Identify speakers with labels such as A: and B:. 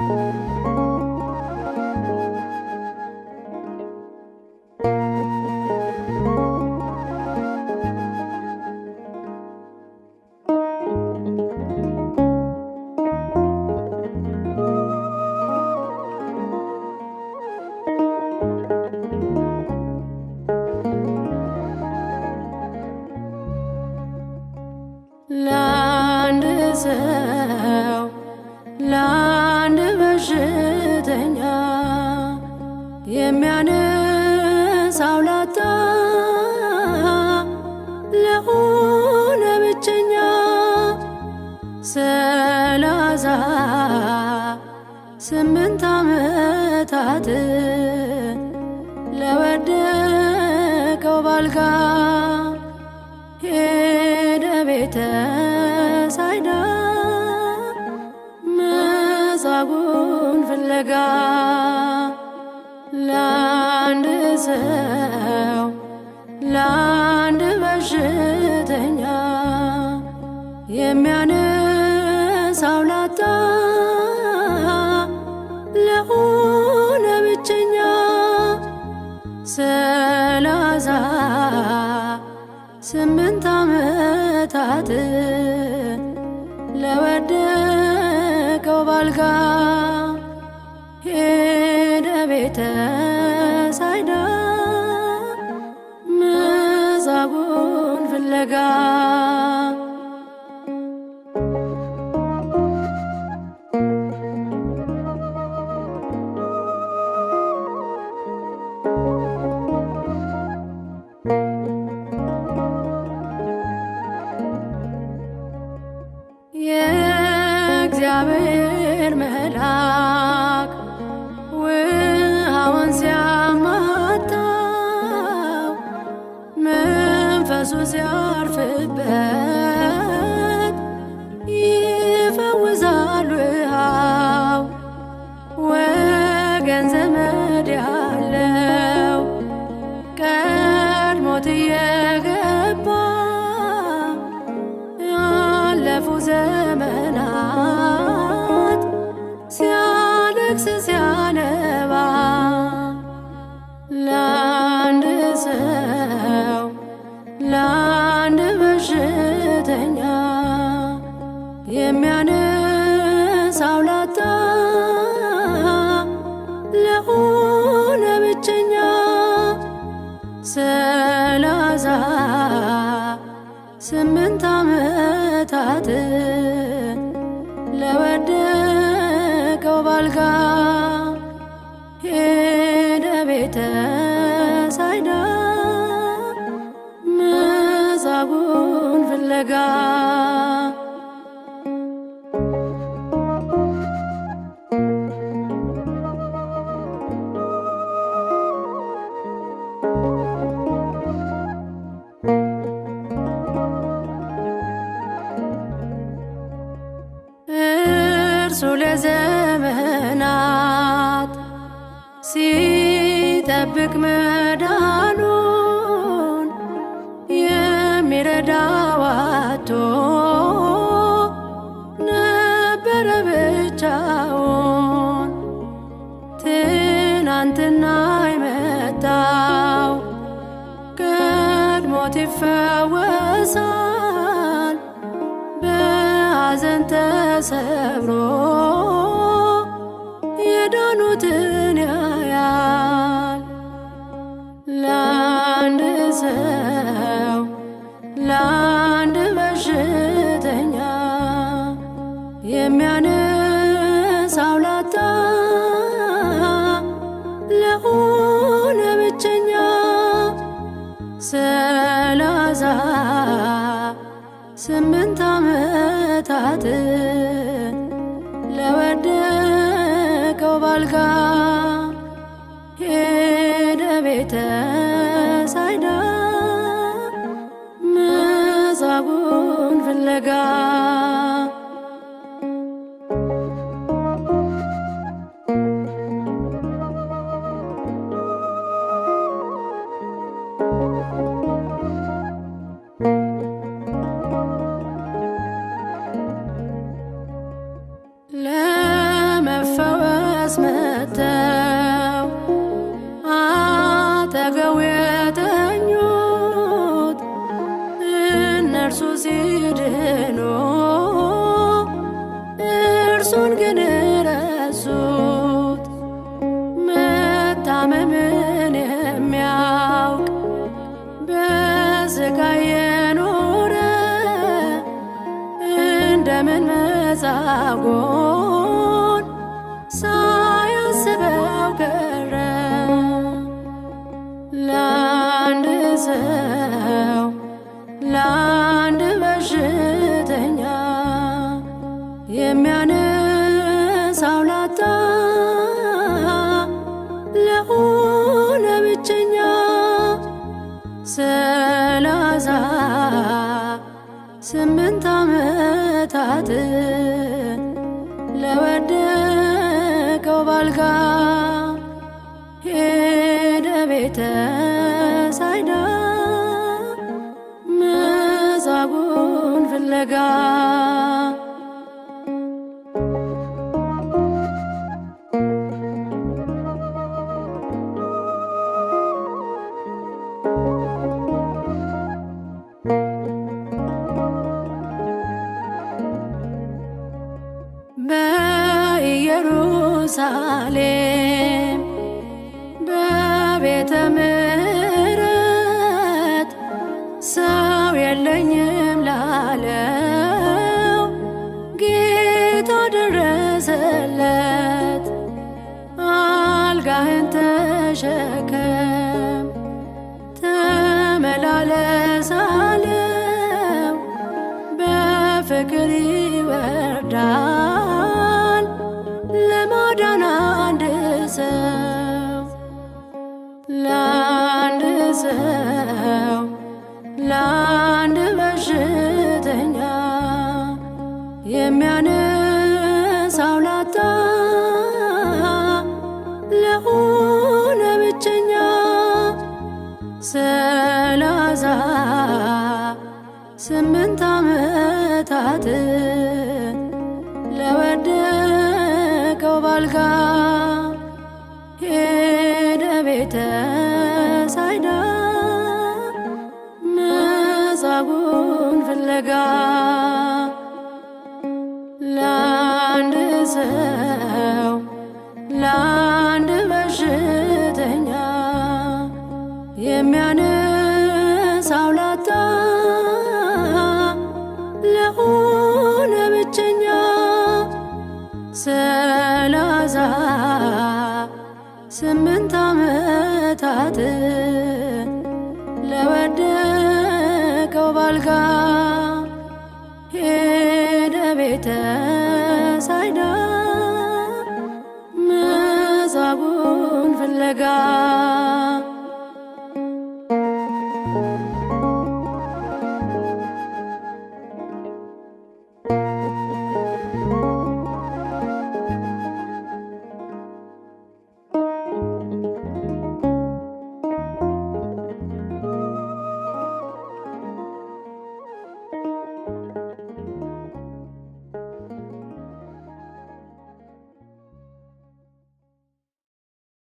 A: Música የሚያነሳው ላጣ ለሆነ ብቸኛ ሰላሳ ስምንት ዓመታት ነው ለአንድ በሽተኛ የሚያነሳው ላጣ ለሆነ ብቸኛ ሰላሳ ስምንት ዓመታት ለወደቀው ባልጋ ሄደ ቤተ talaga Yeah, damn እሱ ሲያርፍበት ይፈውዛሉ። ሃው ወገን ዘመድ ያለው ቀድሞት እየገባ ያለፉ ዘመናት ሲያለቅስ ሰላሳ ስምንት ዓመታት ለወደቀው ባልጋ ሄደ ቤተ ሳይዳ መጻጉዕን ፍለጋ የሚጠብቅ መዳኑን የሚረዳዋቶ ነበረ ብቻውን ትናንትና ይመጣው ቀድሞት ይፈወሳል በሐዘን ተሰብሮ ሽተኛ የሚያነሳው ላጣ ለሆነ ብቸኛ ሰላሳ ስምንት ዓመታት ለወደቀው ባልጋ ሄደ ቤተ talaga Let me focus, Son günü better ፍቅር ለማዳን አንድ ሰው ለአንድ ሰው መብዛት ለወደቀው ባልጋ ሄደ ቤተ ሳይዳ መጻጉዕን ፍለጋ ለአንድ ሰው ለአንድ በሽተኛ የሚያነ ሰላሳ ስምንት ዓመታት ለወደቀው ባልጋ ሄደ ቤተ